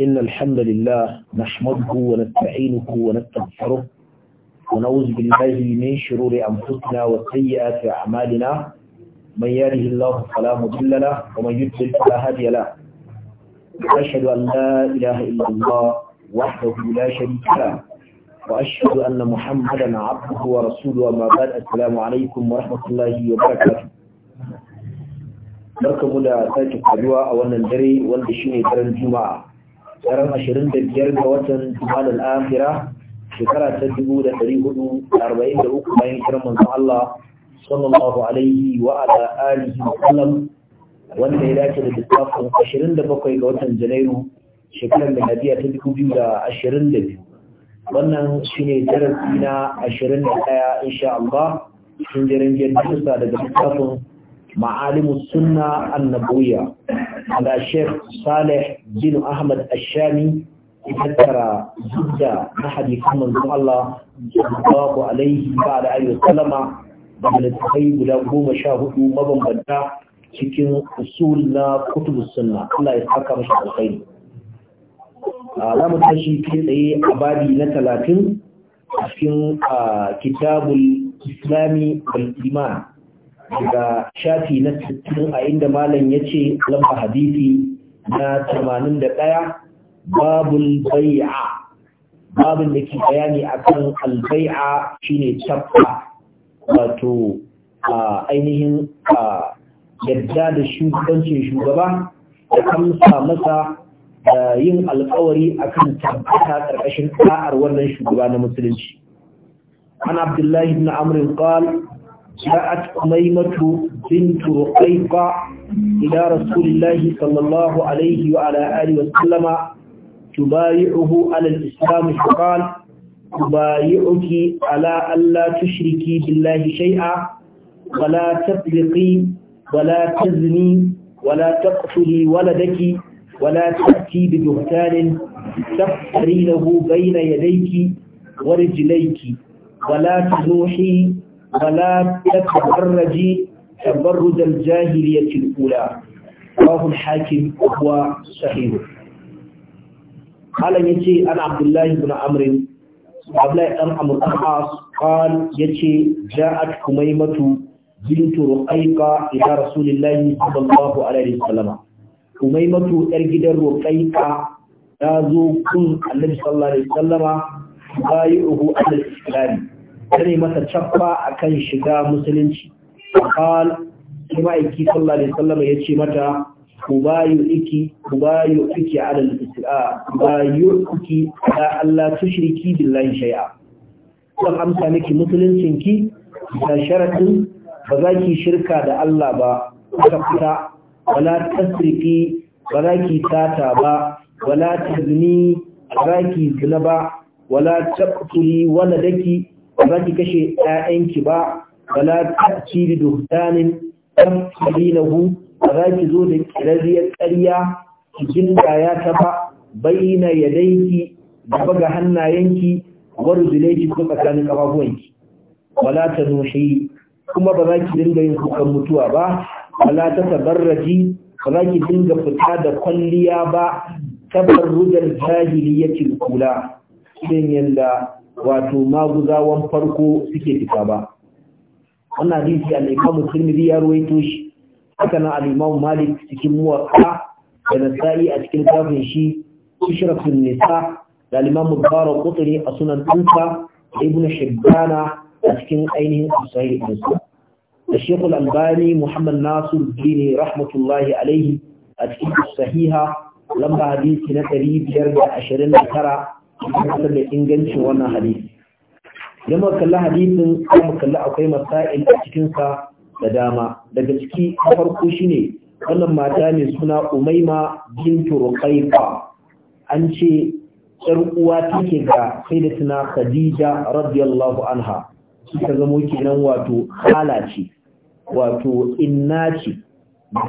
إن الحمد لله نحمده ونستعينه ونستغفره ونعوذ بالله من شرور أنفسنا وسيئات أعمالنا من يهده الله فلا مضل له ومن يضلل فلا هادي له وأشهد أن لا إله إلا الله وحده لا شريك له وأشهد أن محمدا عبده ورسوله أما بعد السلام عليكم ورحمة الله وبركاته barkamu da sake kaduwa a wannan dare wanda shine daren juma'a daren 25 ga watan Jumadal Akhira shekara ta 1443 bayan kiran manzon Allah sallallahu alaihi wa ala alihi wa sallam wanda ya dace da lissafin 27 ga watan Janairu shekarar miladiya ta 2022 wannan shine darasi na 21 insha Allah sun jirin jirgin daga littafin. معالم السنة النبوية على شيخ صالح بن أحمد الشامي يذكر جدا نحدي كما نقول الله صلى الله عليه وعلى آله وسلم من التخيب لا قوم شاهد مبنبدا cikin usul na kutubu sunna Allah ya saka mashi alkhairi za mu tashi kai tsaye a babi na talatin a cikin kitabul islami wal iman daga shafi na tattalin a inda malam ya ce lamba hadithi na 81 babul bai'a babin da ke bayani akan albai'a ne tabba wato ainihin yadda da shugabancin shugaba da kamsa masa yin alkawari akan tabbata ƙarƙashin ɗa'ar wannan shugaba na musulunci. An Abdullahi بن Amr قال جاءت أميمة بنت رقيقة إلى رسول الله صلى الله عليه وعلى آله وسلم تبايعه على الإسلام فقال أبايعك على ألا تشركي بالله شيئا ولا تطلقي ولا تزني ولا تقتلي ولدك ولا تأتي ببهتان تفترينه بين يديك ورجليك ولا تنوحي ولا تتبرجي تبرج الجاهلية الأولى رواه الحاكم وهو صحيح قال يتي أنا عبد الله بن عمرو عبد الله بن عمرو الخاص قال يتي جاءت حميمة بنت رقيقة إلى رسول الله صلى الله عليه وسلم حميمة أرجد رقيقة تازو كن النبي صلى الله عليه وسلم بايعه على الإسلام mata masa cappa akan shiga musulunci qal kuma aiki sallallahu alaihi wasallam yace mata ubayu iki ubayu iki ala al-islam ubayu iki da Allah tushriki billahi shay'a kun amsa miki musuluncin ki da sharadin ba za ki shirka da Allah ba ka fita wala tasriki ba za ki tata ba wala tazni ba za ki zina ba wala taqtuli wala daki ba ki kashe ‘ya'yanki ba wala ta'ci li na hu, ba za ki zo da ƙirarriyar ƙarya ki da ta ba bayyana daiki da ga hannayenki warjuleki kuma tsakanin Ba na ta nushi kuma ba za ki dinga yin kukan mutuwa ba wala ta tabarraji ba za ki dinga fita da kwalliya ba tabarrujar jahiliyyacin kula yin da. wato maguzawan farko suke fita ba wannan hadisi al-Imam Tirmidhi ya ruwaito shi haka nan al Malik cikin Muwatta da Nasa'i a cikin kafin shi Ishrafun Nisa da al-Imam a sunan Tunsa da Ibn a cikin ainihin Sahih Muslim da Sheikh al-Albani Muhammad Nasir Dini rahmatullahi alaihi a cikin Sahiha lamba hadisi na 529 kasar da ingancin wannan hadisi idan muka kalli hadisin kuma kalli akwai masail a cikinsa da dama daga ciki na farko shine wannan mata ne suna umaima bintu ruqayfa an ce yar uwa take ga sayyidatina khadija radiyallahu anha ta zamo kenan wato hala ce wato inna ce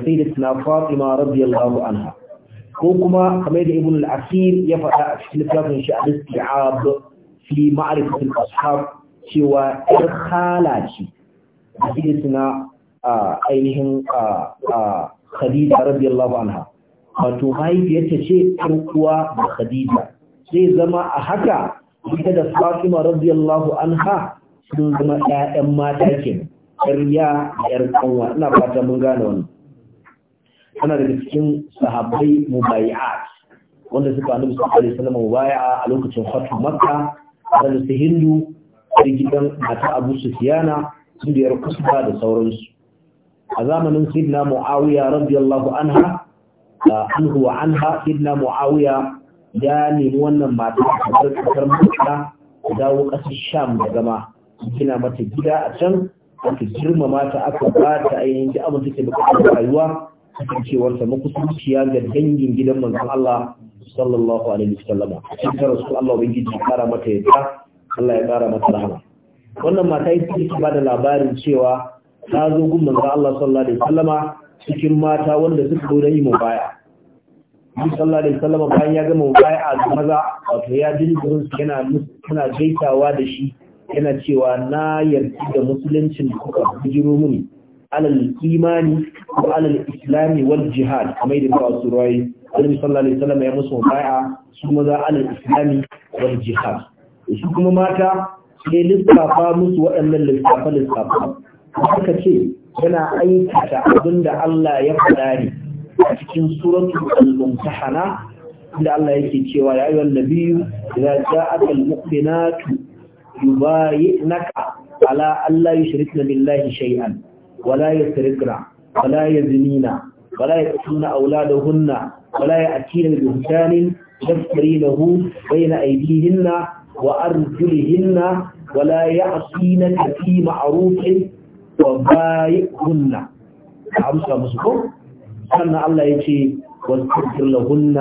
sayyidatina fatima radiyallahu anha ko kuma kamar da ibn al-asir ya faɗa a cikin littafin shi al-isti'ab fi ma'rifatil ashab cewa ɗan khala ce hadisin ainihin khadija radiyallahu anha wato mahaifiyarta ce kuwa da khadija sai zama a haka ita da fatima radiyallahu anha sun zama 'ya'yan mata kenan 'yar ya 'yar kanwa ina fata mun gane wannan tana daga cikin sahabbai mubayi'at wanda suka annabi sallallahu alaihi wasallam mubayi'a a lokacin fatu makka da su hindu da gidan mata abu sufyana sundiyar kusba da sauransu a zamanin sidna muawiya radiyallahu anha anhu wa anha sidna muawiya ya nemi wannan mata a kasar makka dawo kasar sham da gama gina mata gida a can aka girmama ta aka bata ta ainihin ji abin da take bukatar rayuwa kasancewarsa makusanciya ga dangin gidan manzon Allah sallallahu alaihi wasallam cikin rasu Allah ubangiji ya kara mata yadda Allah ya kara mata rahama wannan mata yi take ba da labarin cewa ta zo gun manzon Allah sallallahu alaihi wasallama cikin mata wanda suka zo da yi baya Nabi sallallahu alaihi wasallam bayan ya gama mubaya ga maza wato ya dindirin yana yana gaitawa da shi yana cewa na yarda da musuluncin da kuka bujiro alal imani ko alal islami wal jihad kamar da kawo su rayu annabi sallallahu alaihi wasallam ya musu bai'a su maza alal islami wal jihad su kuma mata sai lissafa musu waɗannan lissafa lissafa haka ce yana aikata abinda Allah ya faɗa ne a cikin suratul al-mumtahana inda Allah yake cewa ya ayyuhan nabiyyu idza ja'aka al-mu'minatu yubayyi'naka ala an la yushrikna billahi shay'an wala yasrikna wala yazinina wala yaqtulna auladahunna wala ya'tina bi hutanin yasrinahu bayna aydihinna wa arjulihinna wala ya'tina fi ma'rufin wa bai'hunna amsa musu ko sannan Allah yace واستغفر لهن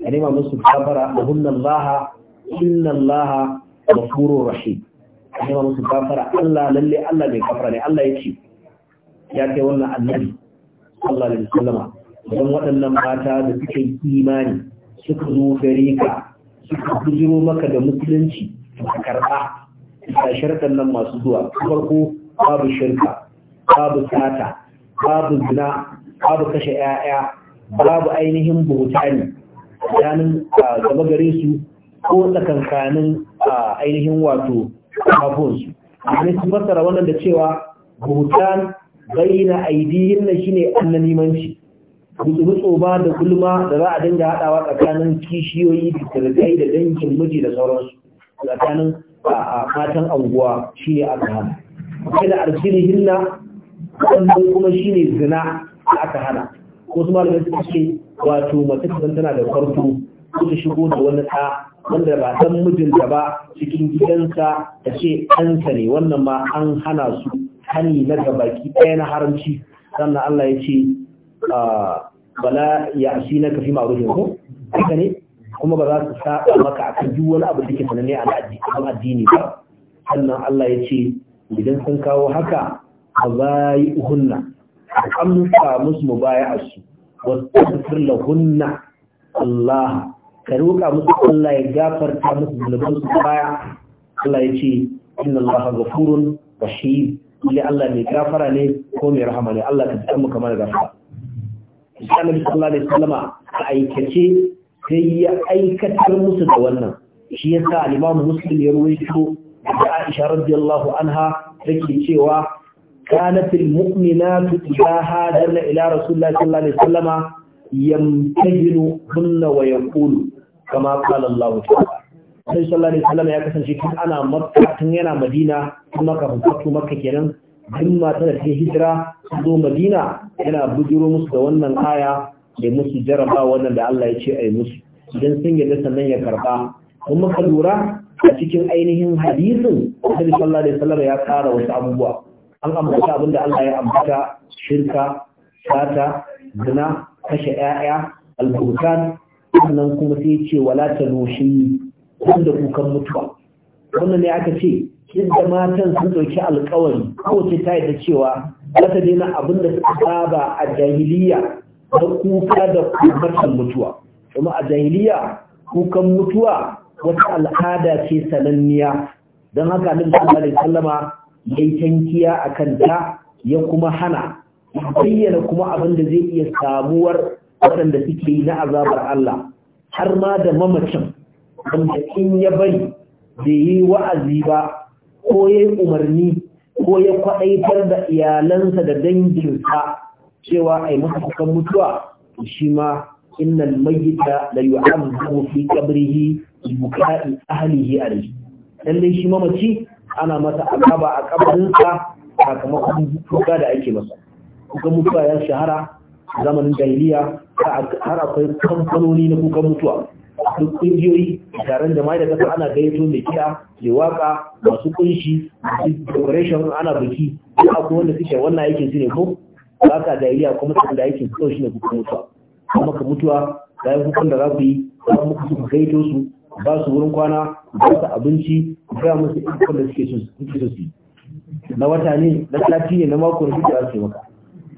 يعني ما مسك كفر لهن الله إن الله غفور رحيم يعني ما مسك كفر الله للي الله بكفر الله يكفي ya kai wannan annabi Allah alaihi wasallama don waɗannan mata da suke imani suka zo gare ka suka kujiro maka da musulunci da karɓa a sharɗan nan masu zuwa farko babu shirka babu sata babu zina babu kashe 'ya'ya babu ainihin buhutani tsakanin gaba gare su ko tsakankanin ainihin wato kafonsu amma sun fassara wannan da cewa buhutan bayyana aidiyin na shine annanimanci gutsurutso ba da gulma da za a dinga haɗawa tsakanin kishiyoyi da tarkai da dangin miji da sauransu tsakanin matan anguwa shi ne aka hana kai da arsili hinna wannan kuma shi ne zina da aka hana wasu malamai suka ce wato mace ta tana da farko ko ta shigo da wani ɗa wanda ba san mijinta ba cikin gidansa ta ce ɗansa ne wannan ma an hana su hani na gabaki ɗaya na haramci sannan Allah ya ce ah, bala ya shi na kafi ma'arufin ko duka ne kuma ba za su saba maka akan duk wani abu da ke sananne a addini ba sannan Allah ya ce idan sun kawo haka a bayi hunna amsa musu mu baya a su wasu lahunna Allah ka roƙa musu Allah ya gafarta musu zunubansu baya Allah ya ce inna Allah ghafurun bashir. lalle Allah mai gafara ne ko mai rahama ne Allah ka tsammu kamar gafara Annabi sallallahu alaihi wasallama a aikace sai ya aikatar musu da wannan shi yasa al-Imam Muslim ya ruwaito da Aisha radiyallahu anha take cewa كانت المؤمنات إذا هاجرن إلى رسول الله صلى الله عليه وسلم يمتجنهن ويقول كما قال الله تعالى Sai sallallahu alaihi wasallam ya kasance tun ana Makka tun yana Madina kuma kafin fatu Makka kenan duk mata da take hijira zo Madina yana bujuro musu da wannan aya da musu jaraba wannan da Allah ya ce ai musu idan sun yarda sannan ya karba kuma ka lura a cikin ainihin hadisin Sai sallallahu alaihi wasallam ya kara wasu abubuwa an ambata abinda Allah ya ambata shirka sata zina kashe 'ya'ya, albutan sannan kuma sai ce wala tanushi wanda kukan mutuwa wannan ne aka ce yadda matan sun ɗauki alkawari kowace ta yadda cewa za ta daina abin da suka saba a jahiliya na kuka da kukan mutuwa kuma a jahiliya kukan mutuwa wata al'ada ce sananniya don haka nan sallallahu alaihi ya yayi tankiya akan ta ya kuma hana bayyana kuma abin da zai iya samuwar waɗanda suke yi na azabar Allah har ma da mamacin wanda in ya bari da yi wa'azi ba ko ya yi umarni ko ya kwaɗaitar da iyalansa da danginsa cewa a yi masa mutuwa shi ma innal mayyita la yu'azzabu fi qabrihi bi buka'i a alayhi lalle shi mamaci ana masa akaba a kabarinsa sakamakon kuka da ake masa kukan mutuwa ya shahara zamanin jahiliya har akwai kamfanoni na kukan mutuwa akwai kungiyoyi taron da mai da kasa ana gaito mai kiya mai waka masu kunshi masu decoration ana biki duk akwai wanda suke wannan aikin su ne ko ba ka da iya kuma sun da aikin kawai shi ne kuka mutuwa kuma ka mutuwa yi hukun da za ku yi za ku muku su gaito su ba su wurin kwana ba su abinci ba musu ikon da suke so su yi na wata ne na sati ne na mako da suke za su yi maka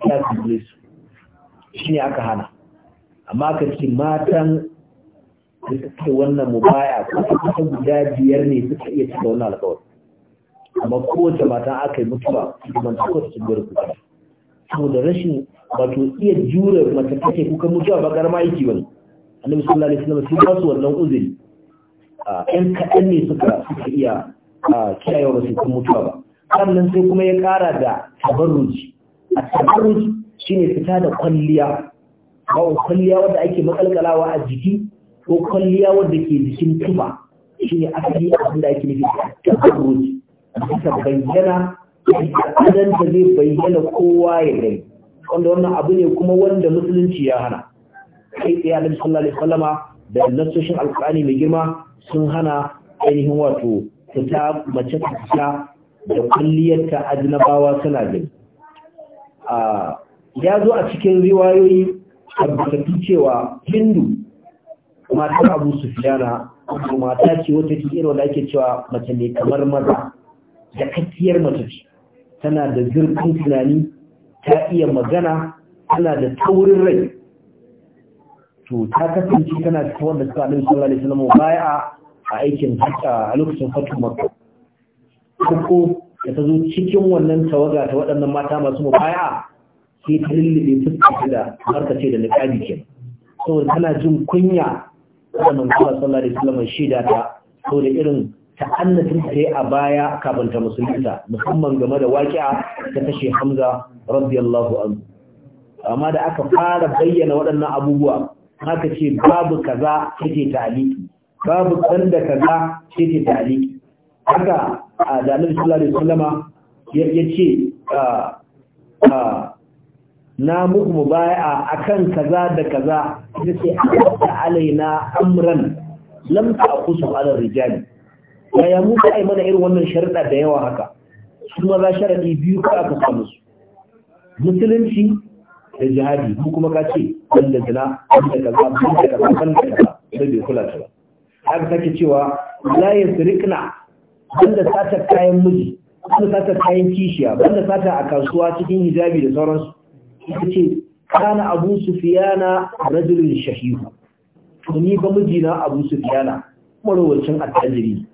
ya su shi ne aka hana amma aka ce matan da suka kai wannan mubaya kusa guda biyar ne suka iya cika wannan alƙawari amma kowace mata aka yi mutuwa man takwas sun gwada kuka saboda rashin wato iya jure mace take kuka mutuwa ba karama aiki ba. annabi sallallahu alaihi wasallam sun basu wannan uzuri yan kaɗan ne suka suka iya kiyaye wa su kun mutuwa ba sannan sai kuma ya ƙara da tabarruji a tabarruji shine fita da kwalliya bawon kwalliya wanda ake makalkalawa a jiki ko kwalliya wadda ke jikin tuba shi ne asali abin da ake nufi da abuji bisa bayyana adan da zai bayyana kowa ya gani wanda wannan abu ne kuma wanda musulunci ya hana kai tsaye annabi sallallahu alaihi wasallama da nasoshin alqur'ani mai girma sun hana ainihin wato fita mace ta fita da ta ajnabawa suna gani ah, ya zo a cikin riwayoyi tabbatattu cewa hindu matar abu sufiyana mata ce wata ke irin ake cewa mace ne kamar maza da kakkiyar mace ce tana da zurfin tunani ta iya magana tana da taurin rai to ta kasance tana cikin wanda suka annabi sallallahu alaihi wasallam baya a aikin haka a lokacin fatin makka ko da ta zo cikin wannan tawaga ta waɗannan mata masu baya, sai ta lullube fuskanta da harkace da niqabi ke saboda tana jin kunya da manzala sallallahu alaihi wasallam ta so da irin ta'annatin ta a baya kafin ta musulunta musamman game da waƙi'a ta kashe Hamza radiyallahu anhu amma da aka fara bayyana waɗannan abubuwa haka ce babu kaza take taliki babu kanda kaza take taliki haka da Annabi sallallahu alaihi wasallama yace na muku mubaya akan kaza da kaza yace ta alaina amran lam ta'khusu ala rijal ya yamu mu kai mana irin wannan sharuda da yawa haka kuma za sharadi biyu ka aka samu su musulunci da jihadi mu kuma ka ce wanda zina banda kaza banda kaza banda kaza da bai kula ta ba haka take cewa la yasrikna wanda sata kayan miji wanda sata kayan kishiya banda sata a kasuwa cikin hijabi da sauransu yace kana abu sufiyana rajulun shahihu to ni ba mijina abu sufiyana marwacin attajiri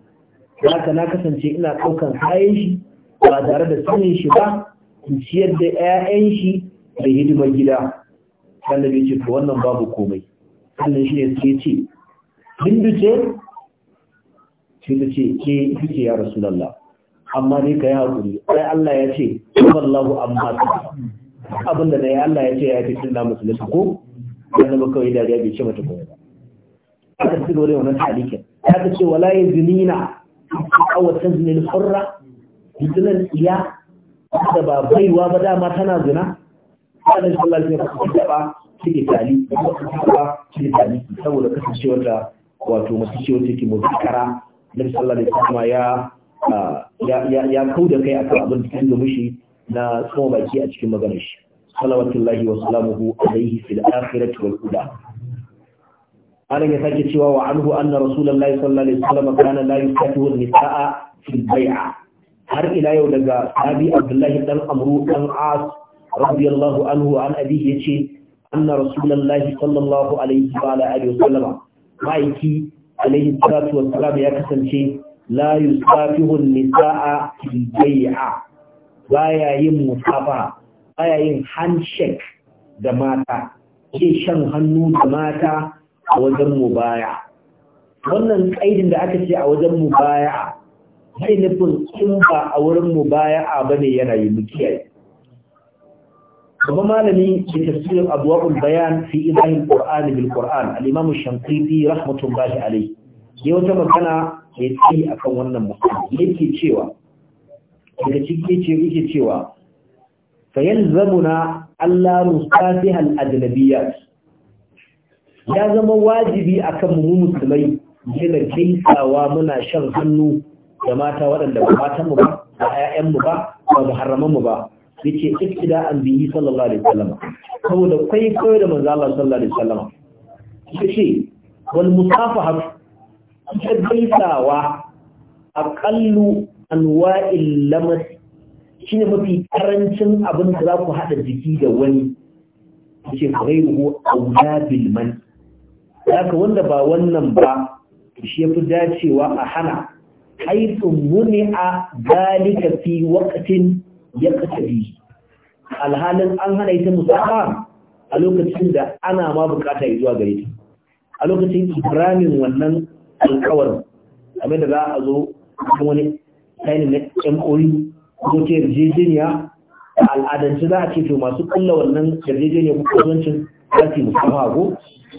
haka na kasance ina ɗaukan kayan shi ba tare da sanin shi ba in ciyar da 'ya'yan shi da hidimar gida annabi ce to wannan babu komai sannan shi ne sai ce hindu ce sai ta ce ke eh, fice ya rasulullah amma ne ka yi haƙuri ai Allah ya ce wallahu amma abin da nayi Allah ya ce ya fi sunna musulunta ko wanda ba kawai da bai ce mata komai ba ta ci gaba da wannan talikin ya ta ce wala yazunina aw taznil hurra zinan iya da ba baiwa ba dama tana zina Allah da shi lalata ya ba cike tali ba cike tali saboda kasancewar da wato masu ciwon ciki mu kara Nabi sallallahu alaihi wasallam ya ya ya kauda kai akan abin da yake mushi na tsoma baki a cikin maganar shi salawatullahi wa salamuhu alaihi fil akhirati wal ula anan ya sake cewa wa anhu anna rasulullahi sallallahu alaihi sallama. kana la yusatu nisaa fil bai'a har ila yau daga abi abdullahi dan amru dan as radiyallahu anhu an ya ce anna rasulullahi sallallahu alaihi wa alihi wasallam maiki alaihi salatu wassalam ya kasance la yusafihu nisaa fil bai'a baya yin musafa baya yin handshake da mata ke shan hannu da mata a wajen baya wannan kaidin da aka ce a wajen mubaya zai nufin in ba a wurin mubaya ba ne yana yi mukiyayi kuma malami ke tafsirin abuwa'ul bayan fi izahin Qur'an bil Qur'an al-Imam Shankiti rahmatullahi alayhi ya wata magana ya ci akan wannan mutum yake cewa daga cikin ce yake cewa zamuna Allah musafihal ajnabiyat ya zama wajibi a kan mu musulmai gina kaisawa muna shan hannu da mata waɗanda ba matan mu ba da ƴaƴan mu ba ba muharraman mu ba yace iktida an bihi sallallahu alaihi wasallam saboda kai kai da manzo Allah sallallahu alaihi wasallam yace wal musafaha kaisawa aqallu anwa'il lamas shine mafi karancin abin da za ku haɗa jiki da wani ce ghairuhu aula bil man haka wanda ba wannan ba shi yafi dacewa a hana haythu muni'a dalika fi waqtin yaqtadi alhalin an hana ita musafa a lokacin da ana ma bukata zuwa gare ta a lokacin Ibrahim wannan alkawarin amma da za a zo wani kaini na MOU e ko ta yarjejeniya a al'adance za a ce to masu kulla wannan yarjejeniya ko kasuwancin za musamman ko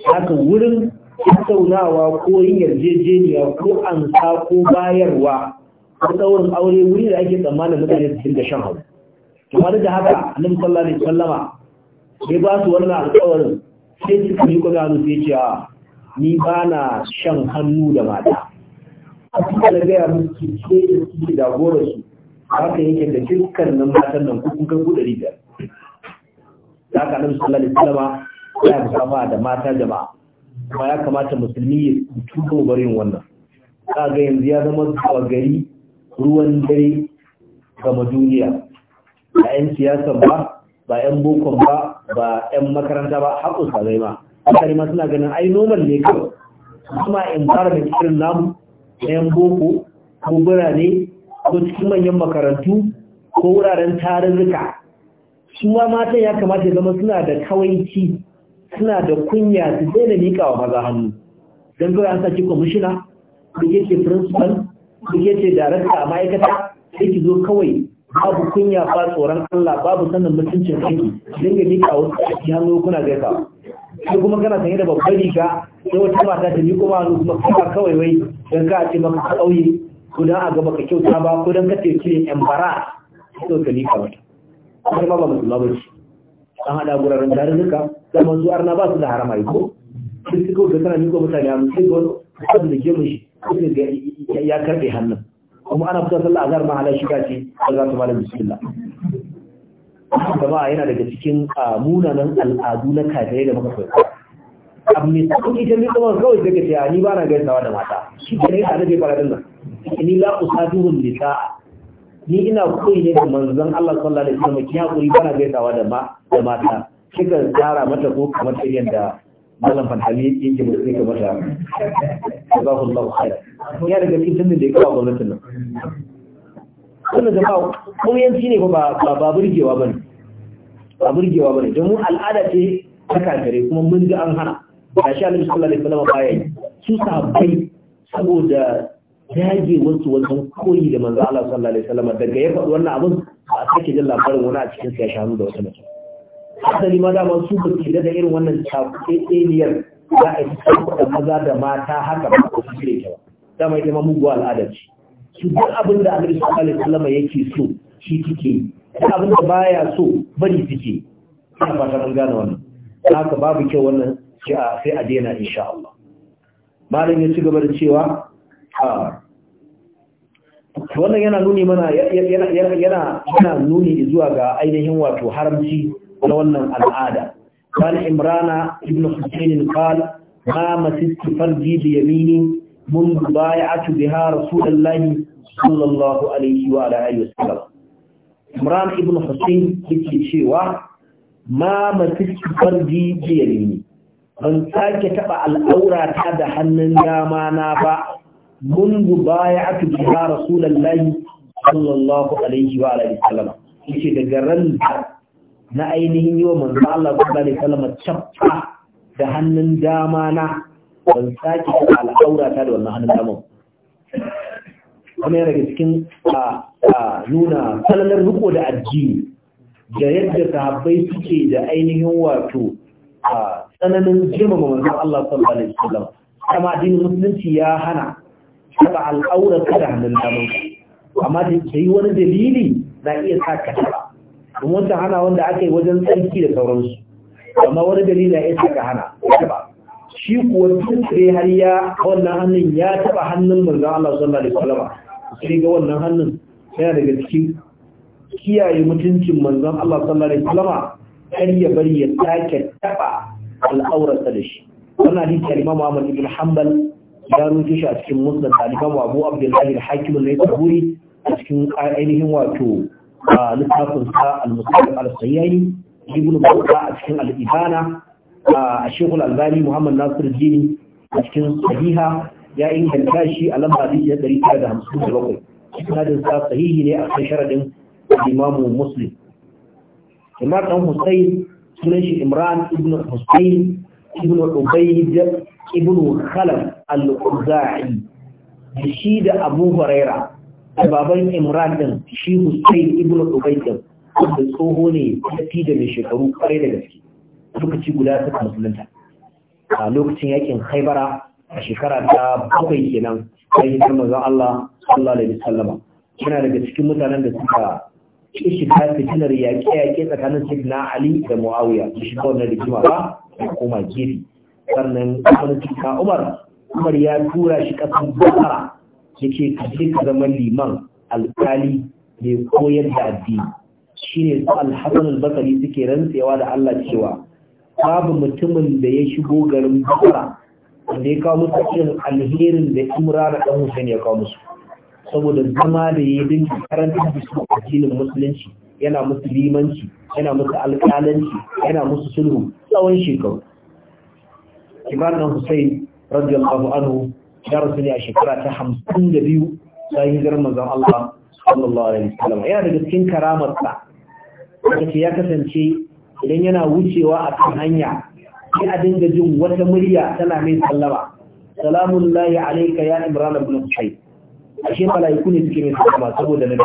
haka wurin tattaunawa ko yin yarjejeniya ko an ko bayarwa ko tsawon aure wuri da ake tsammanin mutane su da shan hau kamar da haka annabi sallallahu alaihi wasallama Sai ba su wannan alƙawarin sai suka yi kwana su ce ni ba na shan hannu da mata a cikin da gaya musu ke ce da suke jagora su haka yake da dukkanin matan nan kun kai kuɗa riga da haka nan sallallahu alaihi wasallam ya musafa da mata jama'a kuma ya kamata musulmi ya tuba barin wannan za ga yanzu ya zama kawa gari ruwan dare gama duniya ba 'yan siyasan ba ba 'yan bokon ba ba 'yan makaranta ba haƙo sarai ma asali suna ganin ai noman ne kawai kuma in fara da kirin namu ɗayan boko ko birane ko cikin manyan makarantu ko wuraren tarurruka su ma matan ya kamata ya zama suna da kawaici suna da kunya su daina miƙa wa maza hannu don kawai an saki kwamishina ko yake principal ko yake darakta a ma'aikata sai ki zo kawai babu kunya ba tsoron Allah babu sannan mutuncin kanki dinga miƙa wasu a hannu kuna gaisawa sai kuma kana sanye da babbar riga sai wata mata ta miƙo ma hannu kuma kuma kawai wai don ka ce maka kauye ko don a ga baka kyauta ba ko don ka ce cire yan bara sai ka lika mata kuma ma ba mu ba ce an haɗa guraren tarurruka da manzo arna ba su da harama ko sai su ga kana miƙo mutane hannu sai ga wani kwasu da gemun shi ya karbe hannun kuma ana fitar sallah ma ala shi ka ce a za su malam bismillah jama'a yana daga cikin ah, munanan al'adu na kafirai da muka koyi abu mai tsakon ita ne kuma kawai daga ce ni ba na gaisawa da mata shi ke ne a da bai faradin nan ni la usabihun nisa ni ina koyi ne da manzon Allah sallallahu alaihi wasallam ki hakuri ba na gaisawa da ma da mata kika tsara mata ko kamar irin da malam fantami yake mu sai ka mata jazakallahu khair ya daga cikin da ya kawo gwamnatin nan wannan jama'a kauyanci ne ba ba burgewa bane ba burgewa bane don mu al'ada ce ta kankare kuma mun ji an hana ga shi alaihi sallallahu alaihi wasallam yi su sabai saboda yage wasu wannan koyi da manzo Allah sallallahu alaihi wasallam daga ya faɗi wannan abin a sake jin labarin wani a cikin sai shanu da wata mace asali ma dama su ba da irin wannan cakuɗeɗeniyar za a yi da maza da mata haka ba ko su ta ba dama ita ma muguwa al'ada ce su duk abin da annabi sallallahu alaihi wasallam yake so shi kike duk abin da baya so bari kike ina fata an gane wannan haka babu kyau wannan sai a daina insha Allah malam ya ci gaba da cewa a wannan yana nuni mana yana yana yana nuni zuwa ga ainihin wato haramci na wannan al'ada قال عمران ابن حسين قال ما مسست فرجي بيميني منذ بايعت بها رسول الله صلى الله عليه وعلى آله وسلم عمران ابن حسين yake cewa ما matiski farji jiyalini ban sake taba al'aura ta da hannun dama na ba mundu بها رسول الله صلى الله wa وعلى wasallam وسلم يكي ran na ainihin yau manzo Allah sallallahu alaihi wasallam da hannun dama na ban sake ta al'aura ta da wannan hannun damar kuma yana daga cikin nuna salalar riko da addini da yadda sahabbai suke da ainihin wato tsananin girmama manzon Allah sallallahu alaihi wasallam kama addinin musulunci ya hana taba al'aura ta da hannun su. amma da yi wani dalili na iya sa ka taba kuma wata hana wanda aka yi wajen tsarki da sauransu amma wani dalili na sa ka hana ka taba shi kuwa tunkure har ya wannan hannun ya taba hannun manzo Allah sallallahu alaihi wasallam sai ga wannan hannun yana daga cikin kiyaye mutuncin manzon Allah sallallahu alaihi wasallam har ya bari ya take taba al'aurata da shi wannan hadisi al-Imam Ahmad ibn Hanbal ya rubuce shi a cikin Musnad al-Imam Abu Abdullah al-Hakim al-Naisaburi a cikin ainihin wato littafin sa al-Musnad al-Sayyani ibn Battah a cikin al-Ibana a shekul albani muhammad nasir jini a cikin sahiha ya inganta shi a lamba hadisi na ɗari tara da hamsin da bakwai sanadin sa sahihi ne a kan sharadin imamu muslim imar dan husayn sunan shi imran ibn husayn ibn ubayd ibn khalaf al da shi da abu huraira da baban imran din shi husayn ibn ubayd din da tsoho ne fi da mai shekaru kwarai da gaske lokaci guda suka musulunta a lokacin yakin khaibara a shekara ta bakwai kenan sai ta manzon Allah sallallahu alaihi wasallam yana daga cikin mutanen da suka kishi ta fitinar yaƙe-yaƙe tsakanin Sidna Ali da Muawiya da shi kawai na kima ba da koma gefe sannan kamar cika Umar Umar ya tura shi ƙasar Basra yake kaje ka zama liman alƙali mai koyar da addini shine su Al-Hasan suke rantsewa da Allah cewa babu mutumin da ya shigo garin bakara wanda ya kawo musu irin alherin da da dan hussein ya kawo musu saboda zama da ya dinga karantar da su addinin musulunci yana musu limanci yana musu alƙalanci yana musu sulhu tsawon shekaru ɗan hussein radiyallahu anhu ya rasu ne a shekara ta hamsin da biyu bayan hijirar manzon Allah sallallahu alaihi wasallam yana daga cikin karamarsa wanda ya kasance idan yana wucewa a kan hanya sai a dinga jin wata murya tana mai sallama salamun lahi alaika ya imran ibn a ashe malaiku ne suke mai sallama saboda nabi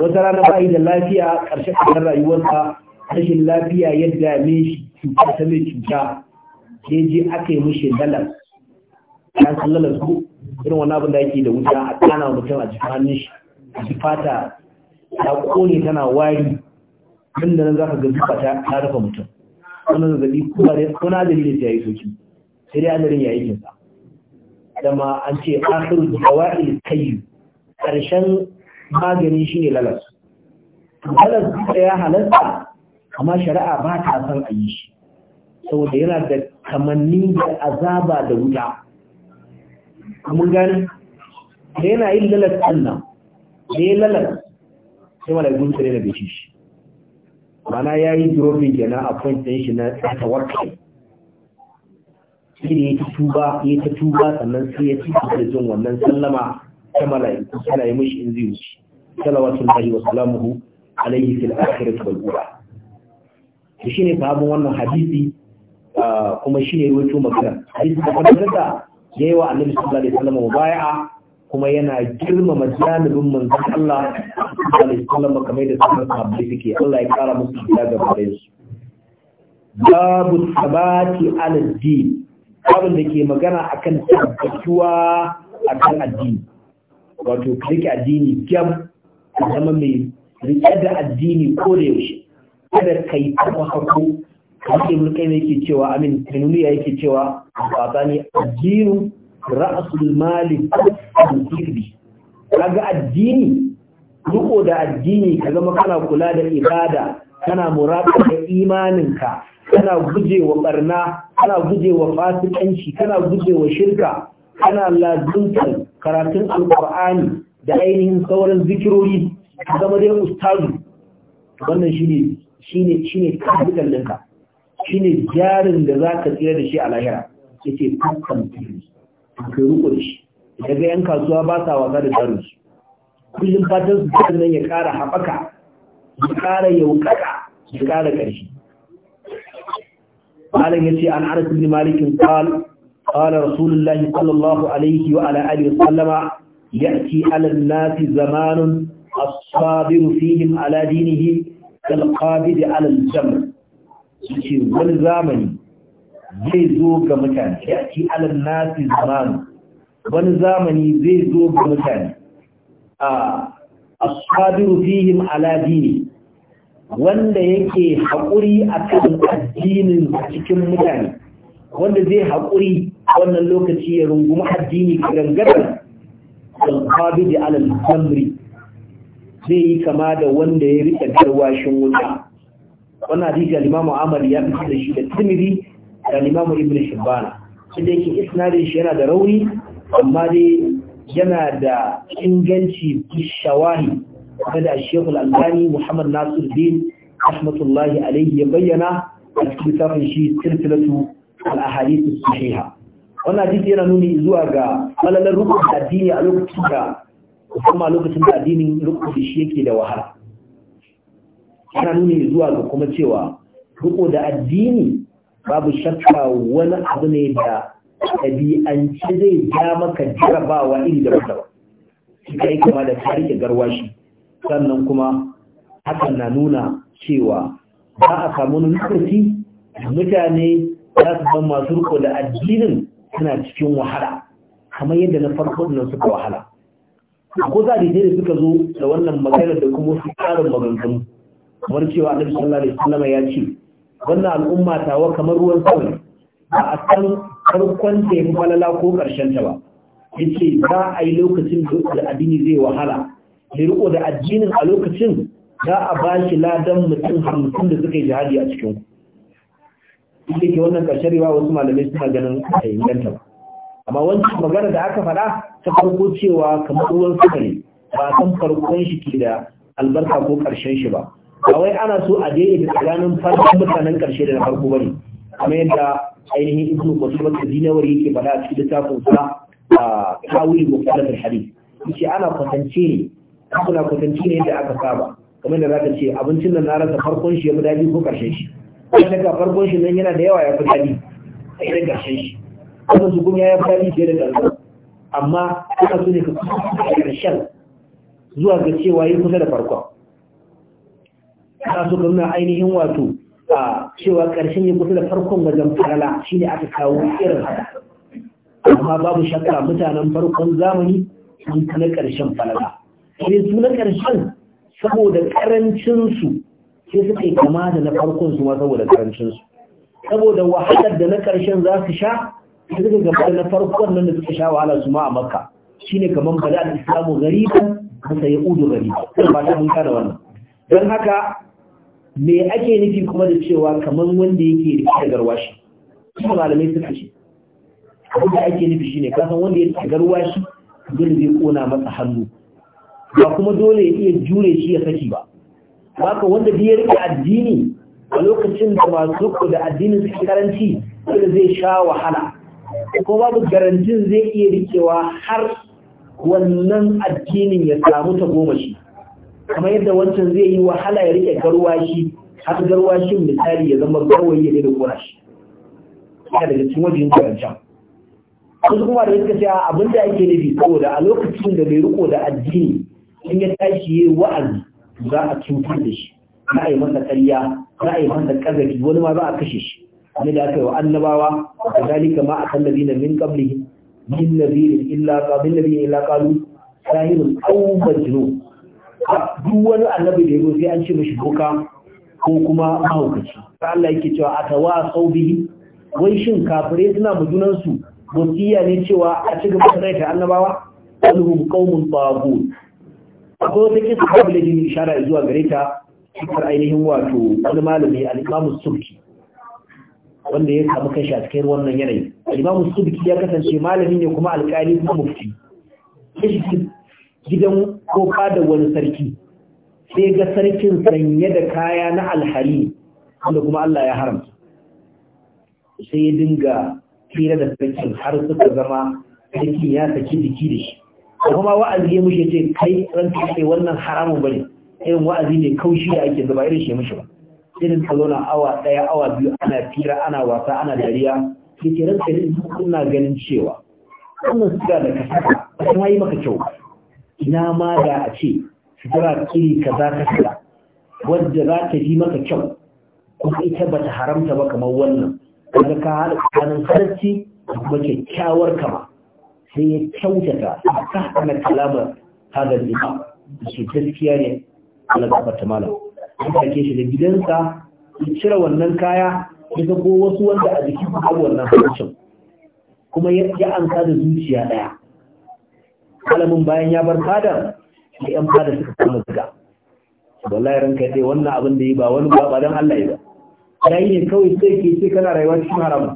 wata rana ba da lafiya karshe kan rayuwarsa rashin lafiya yadda me shi cuta ta mai cuta sai je aka yi mushi dalar ya san su irin wani abin da yake da wuta a tsana mutum a jikin hannun shi a ji fata ta kone tana wari nan da nan za ka ga zufa ta rufe mutum wannan zazzabi kuma da kuna lilita ya yi soki sai dai adarin ya yi kinsa ma an ce akhiru dawa'il kayu karshen magani ne lalas lalas da ya halasta amma shari'a ba ta san a yi shi saboda yana da kamanni da azaba da wuta mun gani da yana yin lalas ɗin nan da ya lalas sai malagun tsare na bai shi mana ya yi dropping jana a point ɗin shi na tawakkal shi ne ya tuba ya ta tuba sannan sai ya ci da jin wannan sallama ta mala'iku tana yi mishi in ziyu shi. salawatun lahi wa salamuhu alaihi fil akhirati wal shi ne shine babun wannan hadisi kuma shine ruwaito magana hadisi da kwatanta yayi wa annabi sallallahu alaihi wasallam mubaya'a kuma yana girmama janibin manzon Allah alaihi wasallam kamar da sauran sahabbai suke Allah ya kara musu da gaba da su babu sabati ala babin da ke magana akan tabbatuwa akan addini wato rike addini a zama mai rike da addini ko da yaushe kada ka kai kuma hako kamar ibn kayyim yake cewa amin ya yake cewa fatani addinu ra'asul mali al-sirri kaga addini riko da addini ka zama kana kula da ibada kana muraka da imaninka kana gujewa barna kana gujewa fasikanci kana gujewa shirka kana lazuntar karatun alqur'ani da ainihin sauran zikirori zama dai ustazu wannan shine shine shine kafikan ɗinka shine jarin da zaka tsira da shi a lahira yace fakkan tiri kai ruko da shi daga yan kasuwa ba sa wasa da jarin su kullum fatan su nan ya ƙara haɓaka ya ƙara yaukaka ya ƙara ƙarshe. malam ya ce an anas bin malik qal qala rasulullahi sallallahu alaihi wa ala alihi sallama ya ala an-nasi zamanin as-sabiru fihim ala dinihi kal da al-jamr wani zamani zai zo ga mutane ya ci Alam nasi zamanu wani zamani zai zo ga mutane a ashabiru fihim ala dini wanda yake haƙuri a kan addinin cikin mutane wanda zai haƙuri wannan lokaci ya rungumi addini gangarar Kwabi da Alam samri zai yi kama da wanda ya rike garwashin wuta wannan hadisi al-imamu Ahmad ya fi da shi da timiri. da limamu ibn shibbana shi da yake isnadin shi yana da rauni amma dai yana da inganci shawahi game da shekul albani muhammad nasir din rahmatullahi alaihi ya bayyana a cikin littafin shi silsilatu al-ahadith sahiha wannan hadisi yana nuni zuwa ga malalar rukun addini a lokacin da kuma lokacin da addinin rukun shi yake da wahala yana nuni zuwa ga kuma cewa riko da addini babu shakka wani abu ne da ɗabi'ance zai ja maka jarabawa iri da wata suka yi kama da tarihi garwashi sannan kuma hakan na nuna cewa ba a samu lokaci mutane za su ban masu riko da addinin suna cikin wahala kamar yadda na farko nan suka wahala ko za da da suka zo da wannan maganar da kuma su tsarin maganganu kamar cewa annabi sallallahu alaihi ya ce wannan al'umma tawa kamar ruwan sama ba a san farkon da ya falala ko karshen ta ba yace za a yi lokacin da addini zai wahala ya riko da addinin a lokacin za a ba shi ladan mutum hamsin da suka yi jihadi a cikin ku ita ke wannan ƙarshen riba wasu malamai suna ganin a inganta ba amma wancan magana da aka faɗa ta farko cewa kamar ruwan sukari ba san farkon shi ke da albarka ko ƙarshen shi ba kawai ana so a da tsakanin farkon mutanen karshe da na farko bane kamar yadda ainihin ibnu qutubah dinawari yake faɗa a cikin littafin sa a wa muqtalaf al-hadith yace ana kwatance ne kuna kwatance ne yadda aka saba kamar da zaka ce abincin nan na rasa farkon shi ya fi daɗi ko karshen shi Kuma daga farkon shi nan yana da yawa ya fi daɗi sai da karshen shi kuma su kuma ya fi daɗi fiye da karshen amma ana so ne ka kusa karshen zuwa ga cewa yi kusa da farkon ana so ka nuna ainihin wato a cewa ƙarshen ya kusa da farkon wajen farala shine aka kawo irin haka amma babu shakka mutanen farkon zamani sun ta na ƙarshen farala. sai su na ƙarshen saboda ƙarancinsu sai suka yi kama da na farkon su ma saboda ƙarancinsu saboda wahalar da na ƙarshen za su sha sai suka gaba da na farkon nan da suka sha wahala su ma a makka shine kamar bala al-islamu gariban masa ya udu gari ba ta mun kada wannan don haka me ake nufi kuma da cewa kamar wanda yake rike garwashi kuma malamai suka ce abin da ake nufi shine ka san wanda ya garwashi dole zai kona masa hannu ba kuma dole ya iya jure shi ya saki ba haka wanda bai rike addini a lokacin da masu ku da addinin su karanci dole zai sha wahala ko babu garantin zai iya rikewa har wannan addinin ya samu ta goma shi kamar yadda wancan zai yi wahala ya rike garwashi har garwashin misali ya zama garwayi ya daina kora shi yana daga cikin wajen karancan wasu kuma da suka ce abin da ake nufi saboda a lokacin da bai riko da addini in ya tashi ya wa'azi za a cutar da shi za a yi masa karya za a yi masa kazafi wani ma za a kashe shi wani da aka yi wa annabawa da zalika ma a kan zina min qablihi min nabiyin illa qabil nabiyin illa qalu sahirun aw majnun duk wani annabi da yazo sai an ce mishi boka ko kuma mahaukaci Allah yake cewa atawa saubi wai shin kafirai suna mujunan su wasiya ne cewa a ci gaba da raita annabawa alhum qaumun taghut akwai wata kisa da kabila din ishara zuwa gare ta cikin ainihin wato wani malami al-Imam Subki wanda ya samu kanshi a cikin wannan yanayi al-Imam Subki ya kasance malami ne kuma alƙali kuma mufti gidan ko da wani sarki sai ga sarkin sanye da kaya na alhari wanda kuma Allah ya haramta sai ya dinga fira da sarkin har suka zama sarki ya saki jiki da shi kuma wa'azi ya mushe ce kai ranka ce wannan haramun bane irin wa'azi ne kaushi da ake zuba irin shi mushi ba irin ka zauna awa ɗaya awa biyu ana fira ana wasa ana dariya ke ke ranka ne kuna ganin cewa wannan suga da kasa, saka ba ma yi maka kyau ina ma da a ce sutura iri kaza ka sira wadda za ta yi maka kyau kuma ita ba ta haramta ba kamar wannan daga ka hada tsakanin halarci da kuma kyakkyawar kama sai ya kyautata ka hana kalamar hadar jima da su gaskiya ne ala gabar ta malam an shi da gidansa ya cire wannan kaya ya zago wasu wanda a jikin babu wannan kuma ya anka da zuciya ɗaya malamin bayan ya bar fadar da yan fada suka kama zuga wallahi ranka dai wannan abin da yi ba wani ba ba dan Allah ya ba yi ne kawai sai ke ce kana rayuwa cikin haramun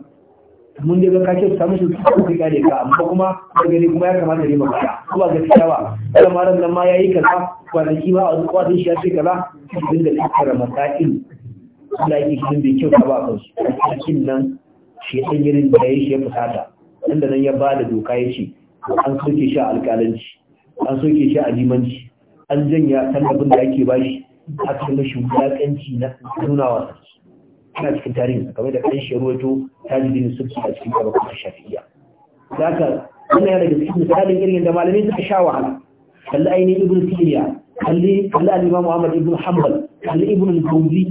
mun je ga kake samu su su ka kare ka amma kuma ka gani kuma ya kamata ne maka kuma gaskiya ba kuma maran nan ma yayi kaza kwanaki ba a wasu kwatin shi ya ce kaza din da tsara masail Allah yake shi bai kyau ba kan su cikin nan shi ya san yirin da yayi shi ya fusata inda nan ya ba da doka ya ce an soke shi a alƙalanci an soke shi a limanci an janya tallafin da ake bashi a cikin da shugabanci na nuna wa sarki ana cikin tarihin kamar da ƙarshe ruwato tajibin sulki a cikin kaba kuma shafi'iya da haka wannan yana daga cikin misalin irin da malamai suka sha wahala kalli ainihin ibn siriya kalli kalli al'imam muhammad ibn hanbal kalli ibn al-jawzi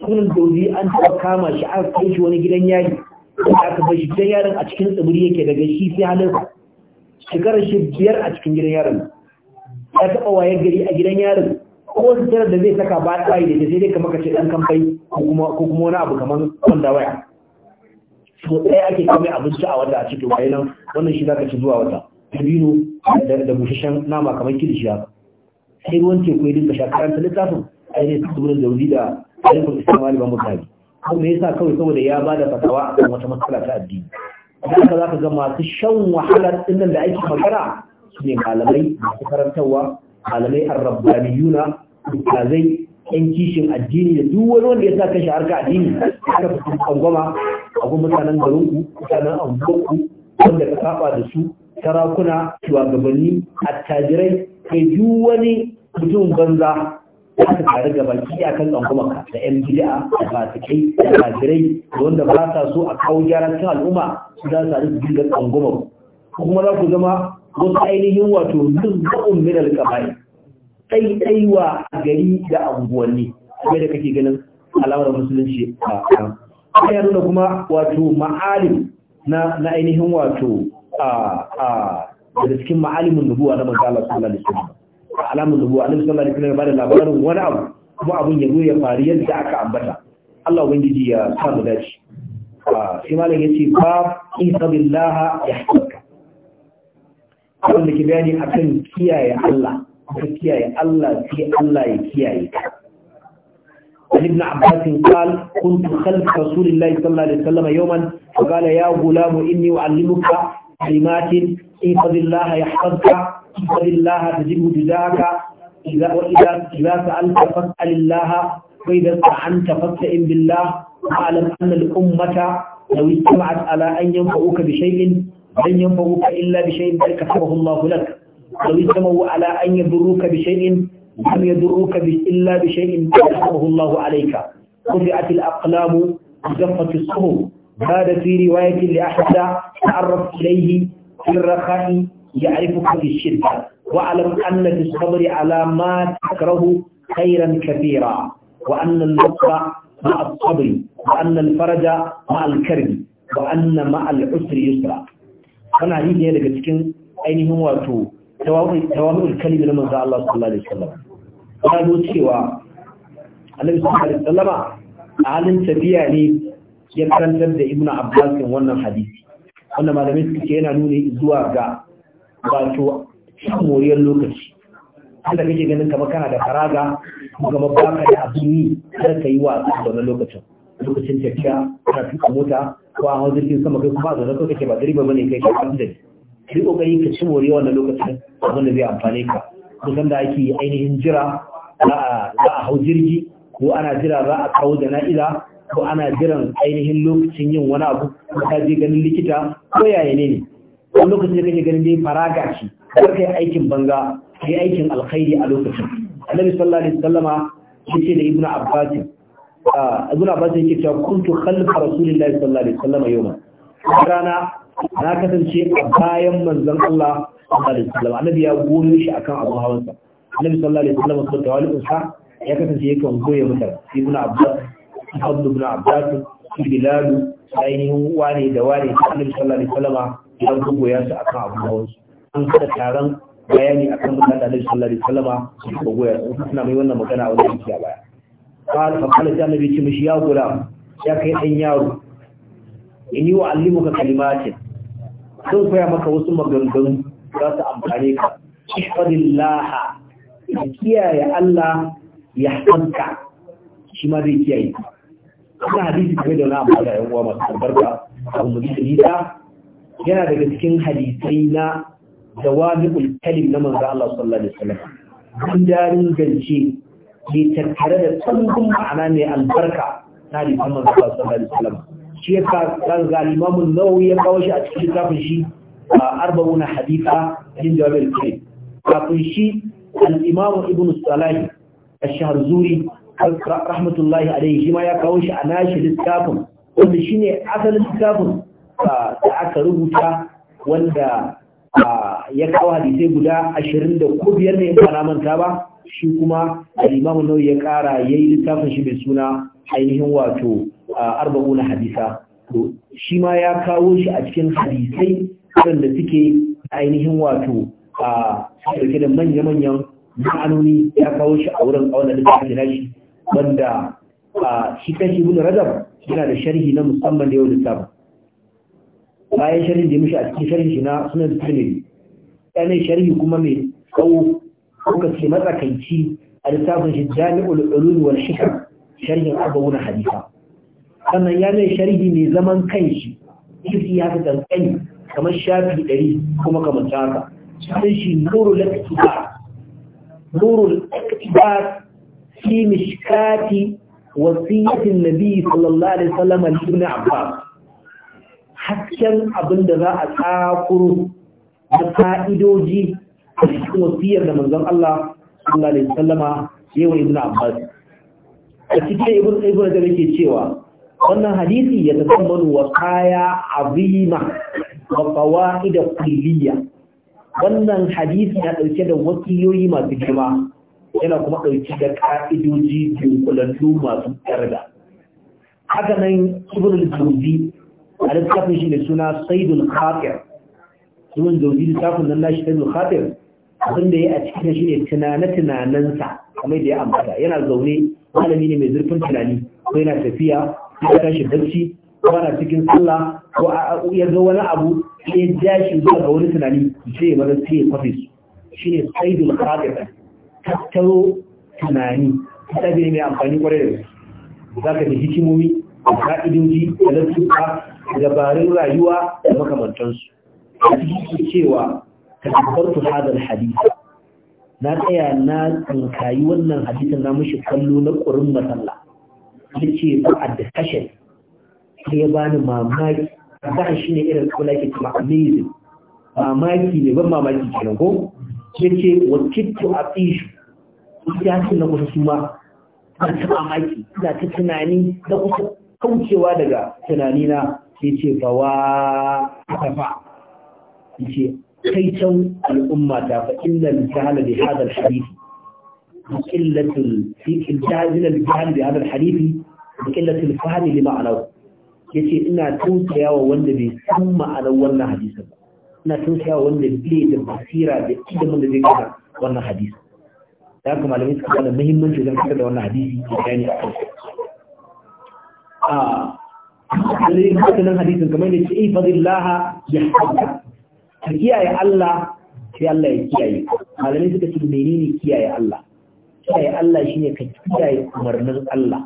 ibn al-jawzi an taɓa kama shi aka kai shi wani gidan yari aka bar shi gidan yarin a cikin tsibiri yake daga shi sai halarsa shekarar shi biyar a cikin gidan yaron ya taɓa waye gari a gidan yaron ko wasu sutura da zai saka ba ɗaya da sai dai kamar ka ce ɗan kamfai ko kuma wani abu kamar wanda waya so ɗaya ake kame abinci a wata a cikin waye nan wannan shi zaka ci zuwa wata dabino da bushashen nama kamar kilishi haka sai ruwan teku ya dinka sha karanta littafin ne su da wuri da ainihin islam aliban mutane kuma yasa kawai saboda ya ba da fatawa a kan wata matsala ta addini haka za ka ga masu shan wahalar ɗinnan da ake magana su ne malamai masu karantarwa malamai arrabbaniyuna ustazai yan kishin addini da duk wani wanda ya sa kashi harka addini aka fi kangwama a gun mutanen garinku mutanen anguwanku wanda ka saba da su sarakuna shugabanni attajirai kai duk wani mutum banza za ka tare gaba baki a kan tsangwamanka da yan bid'a da fasikai da da wanda ba sa so a kawo gyaran cikin al'umma su za su su dinga ko kuma za ku zama wasu ainihin wato lubba'un min alƙabai ɗaiɗaiwa wa gari da anguwanni kuma da kake ganin alamar musulunci a kan ya nuna kuma wato ma'alim na ainihin wato a daga cikin ma'alimin nubuwa na manzo sallallahu alaihi wasallam alamun nubuwa annabi sallallahu alaihi wasallam ya bada labarin wani abu kuma abun ya zo ya faru yadda aka ambata Allah ubangiji ya sa mu dace sai malam yace fa isa billah yahtika abin da ke bayani akan kiyaye Allah ka kiyaye Allah sai Allah ya kiyaye ka عن ابن عباس قال كنت خلف رسول الله صلى الله عليه وسلم يوما فقال يا غلام إني أعلمك كلمات إن فضل الله يحفظك تقل الله تجده جزاك إذا وإذا إذا سألت فاسأل الله وإذا استعنت فاستعن بالله واعلم أن الأمة لو اجتمعت على أن ينفعوك بشيء لن ينفعوك إلا بشيء قد كتبه الله لك لو اجتمعوا على أن يضروك بشيء لم يضروك إلا بشيء قد كتبه الله عليك رفعت الأقلام وجفت الصحف هذا في رواية لأحد تعرف إليه في الرخاء يعرفك في الشدة واعلم أن في الصبر على ما تكره خيرا كثيرا وأن اللطف مع الصبر وأن الفرج مع الكرب وأن مع العسر يسرا أنا ne daga cikin ainihin wato tawamu'ul kalimi na manzo Allah sallallahu alaihi wasallam ya zo cewa Annabi sallallahu alaihi wasallam a halin tafiya ne ya karantar da Ibn Abbas wannan hadisi wannan malamai suke yana nuna zuwa ga wato shan moriyar lokaci Allah kake ganin kamar kana da faraga kuma baka da abin yi kada ka yi wa da wannan lokacin lokacin tafiya kana tuka mota ko a hawan jirgin sama kai kuma a zaune kake ba direba bane kai kai abin da ka yi kokari ka ci moriyar wannan lokacin abin da zai amfane ka kusan da ake ainihin jira za a hau jirgi ko ana jira za a kawo jana'iza ko ana jiran ainihin lokacin yin wani abu ko ka je ganin likita ko yaya ne ne wani lokacin da kake ganin dai faraga ce kar kai aikin banga kai aikin alkhairi a lokacin annabi sallallahu alaihi wasallama yace da ibnu abbas ibnu abbas yake cewa kuntu khalfa rasulillahi sallallahu alaihi wasallama yawma rana na kasance a bayan manzon Allah sallallahu alaihi wasallam annabi ya goyo shi akan abun hawansa annabi sallallahu alaihi wasallam ko tawali'un sa ya kasance yake goye mutar. ibnu abbas abdu ibn abbas bilal ainihin wane da wane annabi sallallahu alaihi wasallama Idan ya gogoya su akan abu wasu an kada taron bayani akan bukata da sallallahu alaihi wasallam su su suna mai wannan magana a wajen a baya qala fa qala ta nabi ce mishi ya gura ya kai dan yaro in yi wa ka kalimatin zan koya maka wasu maganganu za su amfane ka ihfadillaha kiyaye Allah ya hanka shi ma zai kiyaye ka hadisi kai da wani abu da yan uwa masu albarka abu mu ji yana daga cikin hadisai na jawami'ul kalim na manzo Allah sallallahu alaihi wasallam gundarin gance ke tattare da tsangin ma'ana mai albarka na hadisan manzo Allah sallallahu alaihi wasallam shi ya ka ga Imam an ya kawo shi a cikin littafin shi a arba'una haditha cikin jawami'ul kalim kafin shi al-Imam Ibn Salah ash-Shahruzuri rahmatullahi alaihi shi ma ya kawo shi a nashi littafin wanda shi ne asalin littafin da aka rubuta wanda ya kawo hadisai guda ashirin da ko biyar ne ba na manta ba shi kuma al'imamu nau'i ya kara ya yi littafin shi mai suna ainihin wato arba'u na hadisa shi ma ya kawo shi a cikin hadisai waɗanda suke ainihin wato a ɗauke da manya-manyan ma'anoni ya kawo shi a wurin ƙaunar da ta shi wanda shi kan shi rajab yana da sharhi na musamman da yau littafin bayan sharhin da ya mishi a cikin sharhin shi na sunan tirmidhi ɗanin sharhi kuma mai tsawo kuka ce matsakaici a littafin shi jami'ul ulum wal hikam sharhin arba'una hadisa sannan ya mai sharhi mai zaman kanshi shi ya fi tsankani kamar shafi ɗari kuma kamar haka sai shi nurul iktibar nurul iktibar fi mishkati wasiyatin nabi sallallahu alaihi wasallam ibn abbas hasken abin da za a tsakuro da fa'idoji a cikin wasiyar da manzon Allah sallallahu alaihi wasallama yawa ibn Abbas a cikin ibn ibn da yake cewa wannan hadisi ya tasammanu wa kaya azima wa fawaid kulliya wannan hadisi ya ɗauke da wasiyoyi masu girma yana kuma ɗauke da ka'idoji dunkulantu masu ƙarga. haka nan ibn al a littafin shi ne suna saidul khatir zuwan zauji littafin nan nashi saidul khatir abin da ya a cikin shi ne tunane-tunanensa kamar da ya ambata yana zaune malami ne mai zurfin tunani ko yana tafiya ko ya tashi barci ko ana cikin sallah ko ya ga wani abu ya ja shi zuwa ga wani tunani sai ya maza sai ya kwafe su shi ne saidul khatir tattaro tunani ta ne mai amfani kwarai da gaske za ka da hikimomi da ka'idoji da lantarki. dabarun rayuwa da makamantansu a cikin cewa ka tabbartu hadal hadisi na tsaya na tsinkayi wannan hadisin na mashi kallo na ƙurin masalla ya ce ba a discussion sai ya bani mamaki ba shi ne irin kula ke kuma amazing mamaki ne ban mamaki kenan ko ya ce wa kitto a tsishu ya ce na kusa suma ba ta mamaki ina ta tunani na kusa kaucewa daga tunanina sai ce fawa kafa yace kai can al'umma ta fa illal jahala bi hadha al-hadith qillatul fi al-jahil bi hadha al-hadith qillatul fahm li ma'nahu yace ina tausayawa wanda bai san ma'anar wannan hadisin ba ina tausayawa wanda bai da basira da ilimin da zai gina wannan hadisi da haka malamai suka bada muhimmanci don fitar da wannan hadisi da gani a kansa ah, alai hakanan hadisin kamar ne ce ifadillaha ya haka ka kiyaye Allah sai Allah ya kiyaye malamai suka ce menene kiyaye Allah kiyaye Allah shine ka kiyaye umarnin Allah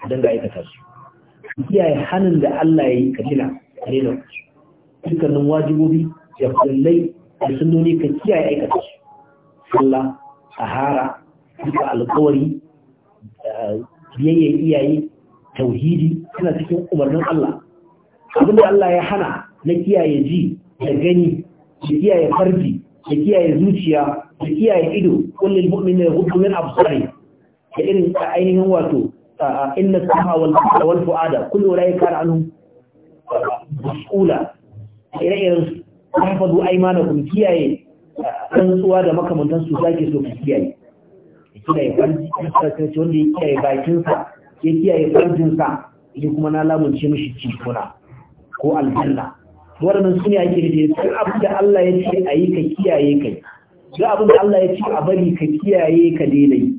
ka danga aikata su kiyaye hannun da Allah ya yi ka tuna ne da dukkanin wajibobi da kullai da sunnoni ka kiyaye aikata su sallah sahara duka alƙawari eh, biyayyen iyaye tauhidi suna cikin umarnin Allah abinda Allah ya hana na kiyaye ji da gani da kiyaye farji da kiyaye zuciya da kiyaye ido kullum mu'min ne hudu min absari da irin ainihin wato inna saha wal wal fuada kullu ulai kana anhum mas'ula ire iren hafadu aymanakum kiyaye rantsuwa da makamantan su zake so kiyaye kiyaye farji wanda ya kiyaye bakinsa ya kiyaye ƙarfinsa ya kuma na lamunce mishi cikuna ko aljanna waɗannan su ne ake da duk abin da Allah ya ce a yi ka kiyaye ka yi duk abin da Allah ya ce a bari ka kiyaye ka daidai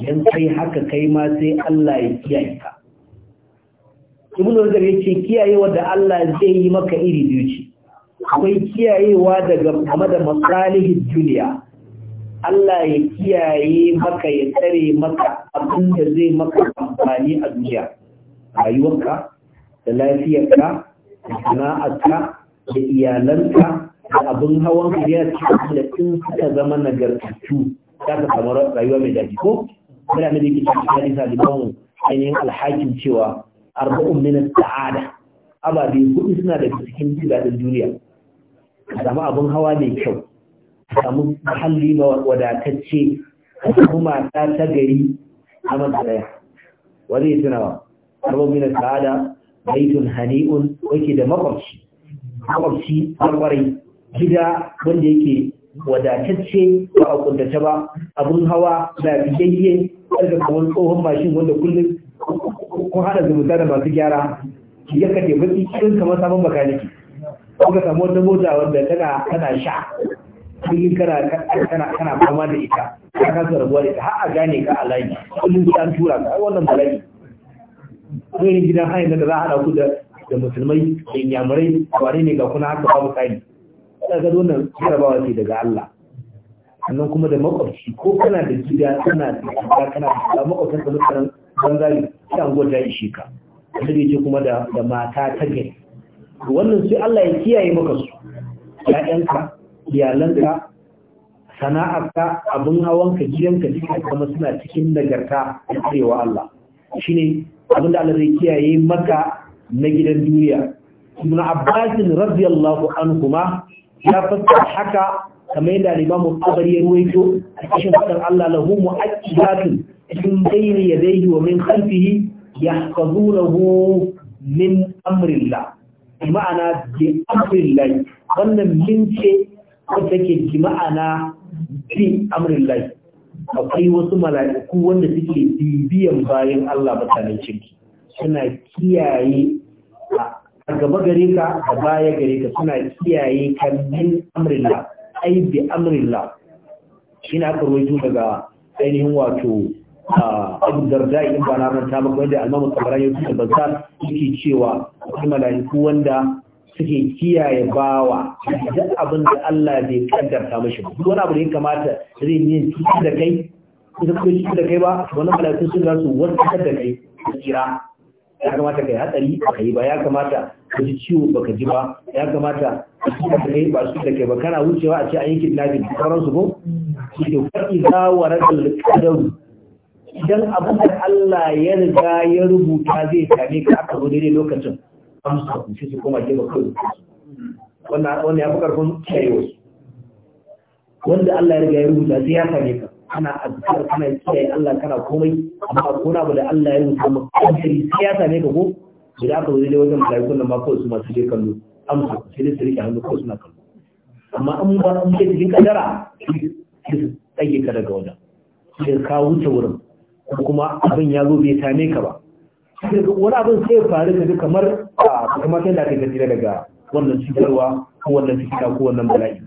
idan kai haka kai ma sai Allah ya kiyaye ka ibn Rajab ya ce kiyayewa da Allah zai yi maka iri biyu ce akwai kiyayewa daga game da masalihin duniya Allah ya kiyaye maka ya tsare maka abin da zai maka amfani a duniya rayuwarka da lafiyarka da sana'arka da iyalanka da abin hawan ka cikin da tun suka zama nagartattu za ka samu rayuwa mai daji ko kuma da yake cikin hadisa da ainihin alhakin cewa arba'un min ta'ada ababe hudu suna da cikin jin duniya ka samu abin hawa mai kyau samu muhalli ma wadatacce ka samu ta gari a matsalaya wa zai tuna ba da sa'ada baitun hani'un wake da makwabci makwabci makwarai gida wanda yake wadatacce ba a kuntace ba abun hawa da yayye wanda kamar tsohon mashin wanda kullum kun haɗa zumunta da masu gyara ya ka taimaki irin kamar sabon makaniki. kuka samu wata mota wanda tana tana sha kullum kana kana kana fama da ita ka kasa rabuwa da ita har a gane ka a layi kullum sai an tura ka ai wannan bala'i irin gidan hanyar da za a hada ku da da musulmai da inyamurai wane ne ga kuna haka babu kai ana ga wannan jarabawa ce daga Allah sannan kuma da makwabci ko kana da gida kana da gida kana da makwabcin ka mutanen banzari sai an gwada ishe ka annabi ce kuma da da mata ta gari wannan sai Allah ya kiyaye maka su ya'yanka iyalanka sana'arka abin hawanka gidanka duka kuma suna cikin nagarta da tsarewa Allah shine abin da Allah zai kiyaye maka na gidan duniya ibn Abbas radiyallahu anhuma ya fassara haka kamar yadda Imam Bukhari ya ruwaito cikin fadar Allah lahu mu'aqqibatun min bayni yadayhi wa min khalfihi yahfazunahu min amrillah ma'ana bi amrillah wannan min ce wadda ke jima'a na bi amrin lai akwai wasu mala'iku wanda suke bibiyan bayan Allah mutanen shirki suna kiyaye a gaba gare ka a baya gare ka suna kiyaye kallin amrillah ai bi amrillah shi na aka daga ainihin wato abu darda in ba na ranta ba kuma da almamu kamar ya da bazar yake cewa akwai mala'iku wanda suke kiyaye bawa duk abin da Allah bai kaddarta mashi ba duk wani abu da ya kamata zai yi cutar da kai idan kuma cutar da kai ba wannan malaka sun ga su wadatar da kai su kira ya kamata kai hatsari ba kai ba ya kamata ka ji ciwo ba ka ji ba ya kamata ka ji da kai ba su da kai ba kana wucewa a ce an yi kidnapping sauran su ko shi ke faɗi za wa rasar kadaru idan abin da Allah ya riga ya rubuta zai same ka aka zo daidai lokacin amsa ku shi su kuma gefe kawai wannan ya fi karfin kiyaye wanda Allah ya riga ya rubuta sai ya same ka kana azkar kana kiyaye Allah kana komai amma ko na da Allah ya rubuta maka kaddari sai ya same ka ko idan aka zo dai wajen malaikun nan ma kawai su masu je kallo amsa sai dai su rike hannu kawai suna kallo amma an ba an ke cikin kadara sai su tsage ka daga wajen sai ka wuce wurin kuma abin ya zo bai same ka ba wani abin sai faru da kamar a kamar sai da kai daga wannan cikarwa, ko wannan fitina ko wannan bala'i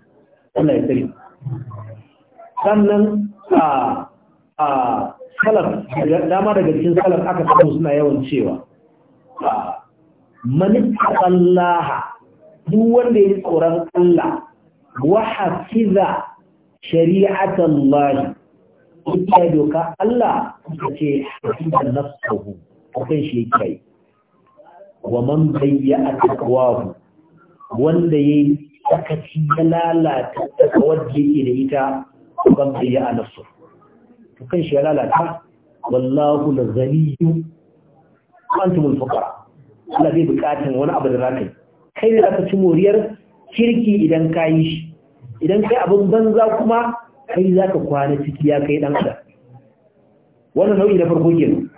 Allah ya tsare sannan a a salaf dama daga cikin salaf aka samu suna yawan cewa man Allah duk wanda ya tsoron Allah wa hafiza shari'atan Allah ita doka Allah ce hafiza nafsuhu akwai shi kai yi wa man bayya atqwahu wanda yayi sakaci ya lalata takawar da yake da ita ban bayya nafsu to kan shi ya lalata wallahu lazaliyu antum alfuqara Allah bai bukatun wani abu da zaka kai ne zaka ci moriyar kirki idan ka yi shi idan kai abin banza kuma kai zaka kwana ciki ya kai dan adam wannan nau'i na farko kenan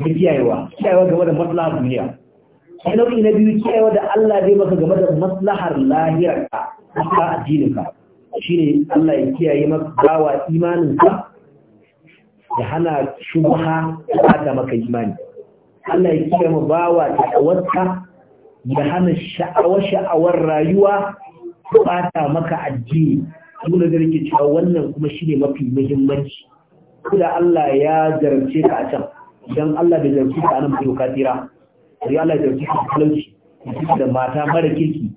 da game da maslahar duniya sai nau'i na biyu kiyayewa da Allah zai maka game da maslahar lahirarka maslahar addininka shine Allah ya kiyaye maka bawa imaninka ya hana shubha ta maka imani Allah ya kiyaye maka bawa ta ya hana sha'awar sha'awar rayuwa bata maka addini tuna da rike cewa wannan kuma shine mafi muhimmanci kuda Allah ya zarce ka a can idan Allah da jarki ka anan bai katira sai Allah da jarki talauci da mata mara kirki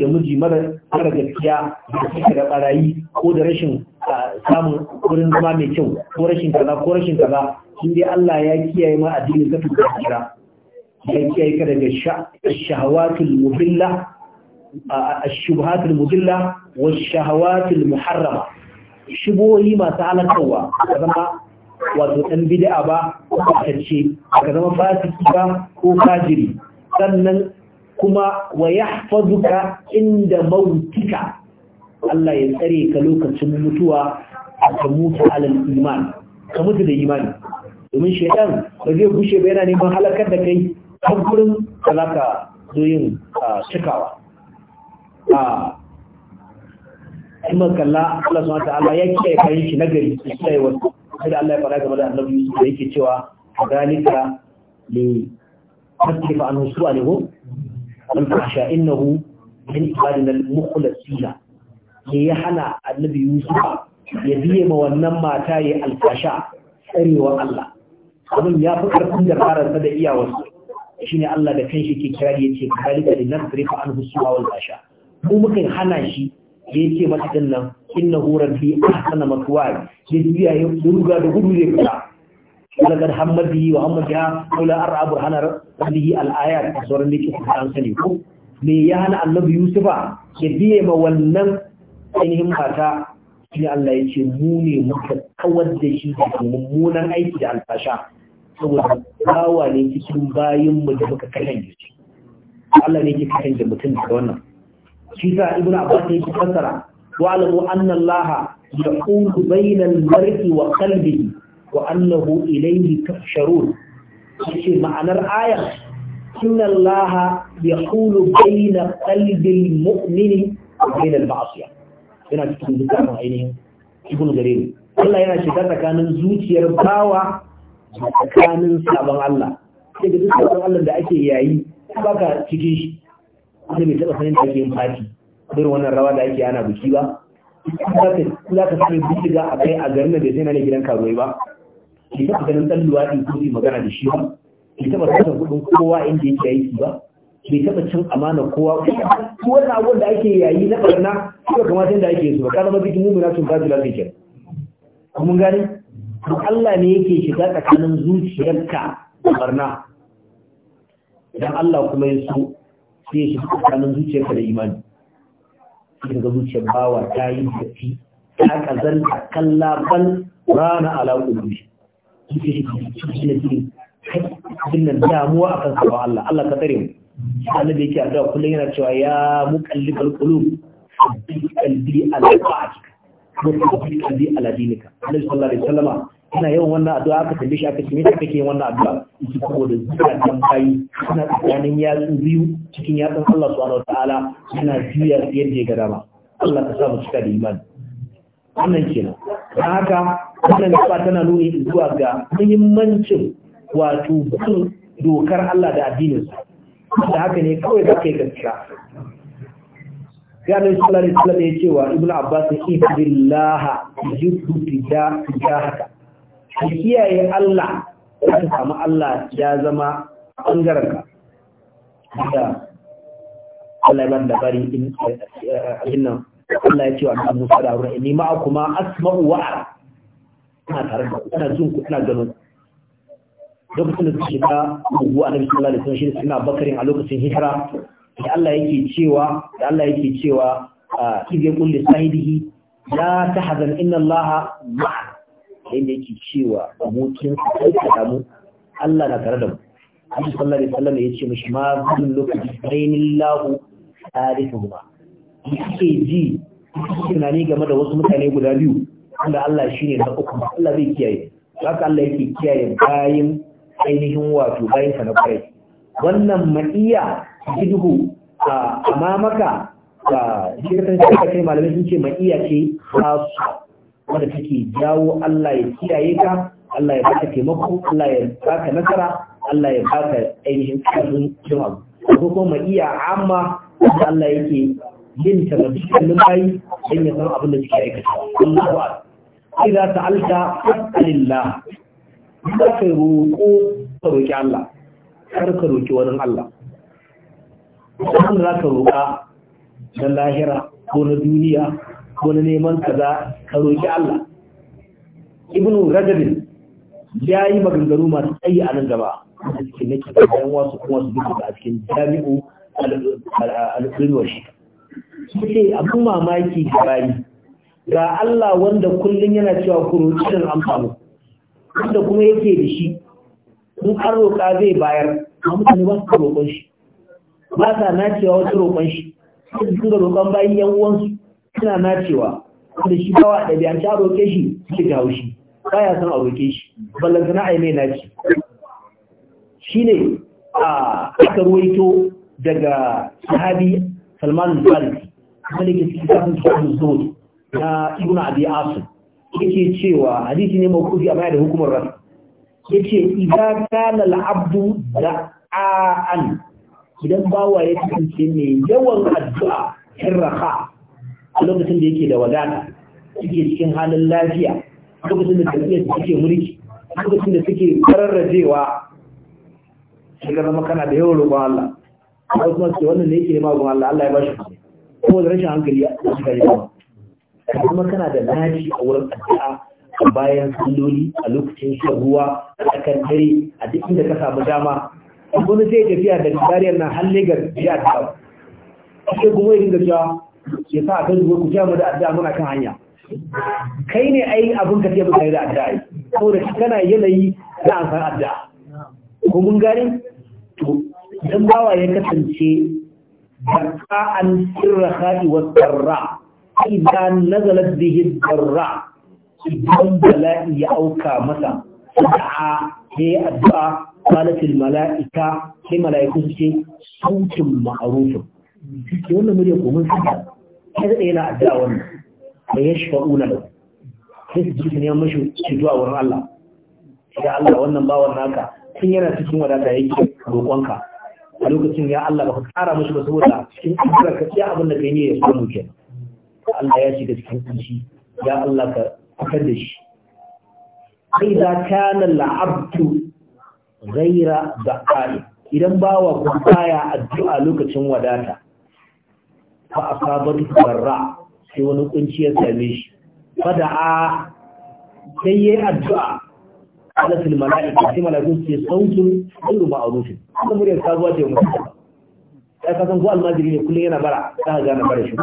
da miji mara mara gaskiya da da barayi ko da rashin samun wurin zama mai kyau ko rashin kaza ko rashin kaza in dai Allah ya kiyaye ma addinin ka tuka kira ya kiyaye ka daga shahawatul mubilla ash-shubuhatul mubilla wash-shahawatul muharrama masu halakarwa zama wato ɗan bid'a ba kwatacce ka zama fasiki ba ko fajiri sannan kuma wa fazuka inda mautika Allah ya tsare ka lokacin mutuwa a ka mutu alal iman ka mutu da imani domin shaitan ba zai gushe ba yana neman halakar da kai har gurin da za ka cikawa kuma kalla Allah ta'ala ya kiyaye kayan shi nagari ya kiyaye wasu sai da Allah ya fara game da annabi Yusuf da yake cewa kadalika li tasrifa anhu su'alahu an tasha innahu min ibadina al-mukhlasina ne ya hana annabi Yusuf ya biye ma wannan mata ya alfasha. Tsarewar Allah abin ya fi karfin da karanta da iyawarsu shine Allah da kanshi ke kira kirari yace kadalika li nasrifa anhu su'alahu al-kasha mu mukan hana shi ya ce mata din nan inna huran fi ahsana matwai ya juya ya ruga da gudu ne kula. ولقد همت به وهم بها لولا أن رأى برهان ربه الآيات ne لك san sani ko. me ya hana annabi yusufa ya biye ma wannan ainihin mata shi Allah ya ce mu ne muka kawar da shi da mummunan aiki da alfasha saboda bawa ne cikin bayan mu da muka kashe shi Allah ne ke kashe mutum da wannan shi sa ibnu abbas ya yi fassara wa alamu anna allaha yaqulu bayna al-mar'i wa qalbihi wa annahu ilayhi tuhsharun shi ma'anar aya inna allaha yaqulu bayna qalbi al-mu'mini wa bayna al-ma'siyah yana cikin dukkan ainihin ibnu jarir Allah yana shiga tsakanin zuciyar bawa tsakanin sabon Allah sai da duk sabon Allah da ake yayi baka cikin shi wani mai taɓa sanin da yin fati irin wannan rawa da ake ana buki ba za ka sani bindiga a kai a garin da bai nane gidan karuwai ba Ki taɓa ganin ɗan luwaɗi ko magana da shi ba Ki taɓa kasa kuɗin kowa inda yake aiki ba Ki taɓa cin amana kowa ko wannan abubuwan da ake yayi na ɓarna suka kamata yadda ake su ba kana mafi mumina sun fasu lafi ke mun gani to Allah ne yake shiga tsakanin zuciyarka da ɓarna idan Allah kuma ya so sai shi tsakanin zuciyarka da imani sai ga zuciyar bawa ta yi datti ta kazanta kalla bal rana ala qulubi zuciyar shi shi ne cikin abin nan damuwa akan sabon Allah Allah ka tsare mu annabi yake addu'a kullum yana cewa ya muqallibal qulub qalbi ala ta'atik wa qalbi ala dinika annabi sallallahu alaihi wasallama ina yawan wannan addu'a aka tambaye shi aka shi kake yin wannan addu'a da saboda zukatan bayi suna tsakanin yatsu biyu cikin yatsun Allah subhanahu Ta'ala, suna juya yadda ya ga dama Allah ka sa mu cika da imani wannan kenan don haka wannan gaba tana nuni zuwa ga muhimmancin wato bin dokar Allah da addinin sa da haka ne kawai za ka yi gaskiya Gane Sallallahu Alaihi ya ce wa Ibn Abbas, "Ibi Allah, yi tuti da haka." ka kiyaye Allah ka samu Allah ya zama ɓangarenka da Allah ya da bari in eh, abin nan Allah ya ce wa Musa da Haruna ma kuma asma'u wa ara ina tare da ina jin ku ganin lokacin da suna bakarin a lokacin hijira da Allah yake cewa da Allah yake cewa ah, idh sahibihi la tahzan inna Allah ma'ana inda yake cewa abokin sai ta damu Allah na tare da mu Annabi sallallahu alaihi wasallam ya ce mishi ma kullu bainillahu arifuhuma yake ji ne game da wasu mutane guda biyu wanda Allah shine na uku Allah zai kiyaye haka Allah yake kiyaye bayin ainihin wato bayin ka na kai wannan ma'iya jidhu a amamaka a shirkan shirka kai malamai sun ce ma'iya ce su. wanda take jawo Allah ya kiyaye ka Allah ya baka taimako Allah ya baka nasara Allah ya baka ainihin karin cin ko kuma iya amma wanda Allah yake yin ta da dukkanin bayi in ya san abin da suke aikata Allahu akbar idza ta'alta fas'alillah za ka ko ka roki Allah kar ka roki wani Allah wanda za ka roƙa na lahira ko na duniya Wani neman kaza ka roki Allah ibnu rajab ya yi maganganu masu tsayi a nan gaba da suke na da bayan wasu kuma su duka a cikin jami'u al'ulwar shi su ce abin mamaki ga bayi ga Allah wanda kullum yana cewa ku roƙi nan amfani wanda kuma yake da shi in an roƙa zai bayar a mutane ba su roƙon shi ba sa na cewa wasu roƙon shi sai su dinga roƙon bayan yan uwansu suna nacewa wanda shi bawa ɗabi'anci a roƙe shi suke da haushi baya son a roƙe shi ballantana a yi mai naci shi ne a aka ruwaito daga sahabi salman al-farisi wanda ke cikin kafin tsohon zuwa na ibn abi asu yake cewa hadisi ne mawkufi a baya da hukumar rasu yace idan kana da abdu da'an idan bawa ya kasance mai yawan addu'a in a lokacin da yake da wadata suke cikin halin lafiya lokacin da tafiya suke mulki lokacin da suke kararrajewa sai ga zama kana da yawan roƙon Allah a kuma ce wannan ne yake da magun Allah Allah ya bashi ko da rashin hankali a cikin rayuwa kuma kana da lafi a wurin addu'a a bayan salloli a lokacin shan ruwa a kan dare a duk inda ka samu dama wani zai tafiya da dariyar nan har Lagos ya ta sai kuma ya dinga cewa ke sa a kai ku a da addu'a muna kan hanya kai ne ai abin ka ce muka yi da addu'a da shi kana yanayi na amfani addu'a ko mun gari, to dan bawa ya kasance da an sirra haɗi wa tsarra idan nazalar bihin tsarra idan bala'i ya auka masa da'a ke addu'a malatul mala'ika sai mala'iku su ce sautin ma'arufin ke wannan murya komin sada ya yana addu'a wannan ya una da sai su jikin ya wurin Allah ya Allah wannan yana cikin wadata roƙonka a lokacin ya Allah mashi ba saboda cikin addu'a ka tsaya abin da kai ne ya samu kenan Allah ya shiga cikin kunci ya Allah ka da shi Kai za idan bawa baya addu'a lokacin wadata fa asabar barra sai wani kunci ya same shi a sai yayi addu'a ala fil mala'ika sai mala'ikun ce sautun kullu ma'rufin kuma muryar sabuwa ce mutum sai ka san ko almajiri ne kullun yana bara za ga na bara shi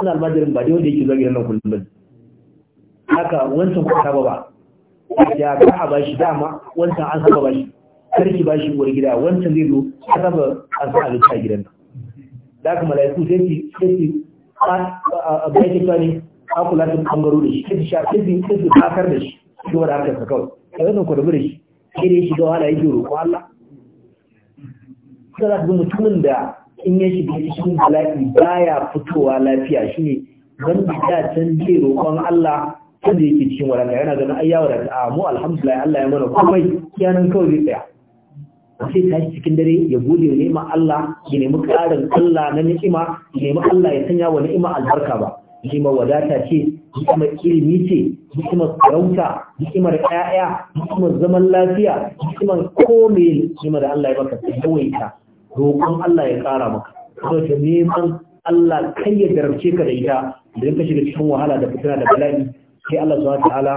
ana almajirin ba dai wanda yake zuwa nan kullun ba haka wancan kuka ba ba ya ka a ba shi dama wancan an saba ba shi karki bashi uwar gida wancan zai zo ka saba an saba a gidan nan da aka mala'iku sai su sai su a bayan ne a kula da bangaro da shi sai su sha sai su takar da shi shi wa da aka saka kawai kai wannan ku da shi sai ya shiga wahala yake roƙo Allah sai da mutumin da in ya shiga cikin bala'i baya fitowa lafiya ne wanda da can zai roƙon Allah sai da yake cikin wadanda yana ganin ayyawa da mu alhamdulillah Allah ya mana komai yanan kawai zai tsaya sai tashi cikin dare ya gode ya nema Allah ya nemi ƙarin Allah na ni'ima ya nemi Allah ya sanya wa ni'ima albarka ba ni'ima wadata ce ni'imar ilimi ce ni'imar sarauta ni'imar ƴaƴa ni'imar zaman lafiya ni'imar komai ni'imar da Allah ya baka sai yawaita roƙon Allah ya ƙara maka ta neman Allah kai ya garabce ka da ita idan ka shiga cikin wahala da fitina da bala'i sai Allah subhanahu wa ta'ala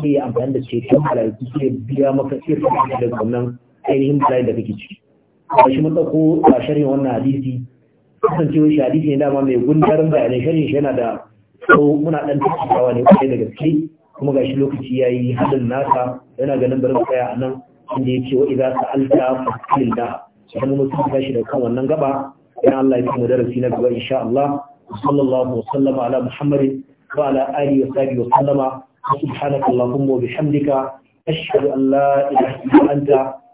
sai ya amfani da ceton malaiku sai biya maka sai ka da wannan ainihin bala'in da kake ciki ba shi mun ɗauko a sharhin wannan hadisi kasancewar shi hadisi ne dama mai gundarin bayanai sharhin shi yana da tsawo muna ɗan tattakawa ne kwarai da gaske kuma ga shi lokaci ya yi haɗin nasa yana ganin barin tsaya a nan inda ya ce wa idan ka alta fasilin da sannan mutum tashi da kan wannan gaba yana Allah ya fi darasi na gaba insha Allah sallallahu wa sallama ala muhammadin wa ala alihi wa sahbihi wa sallama subhanakallahumma wa bihamdika ashhadu an la ilaha illa anta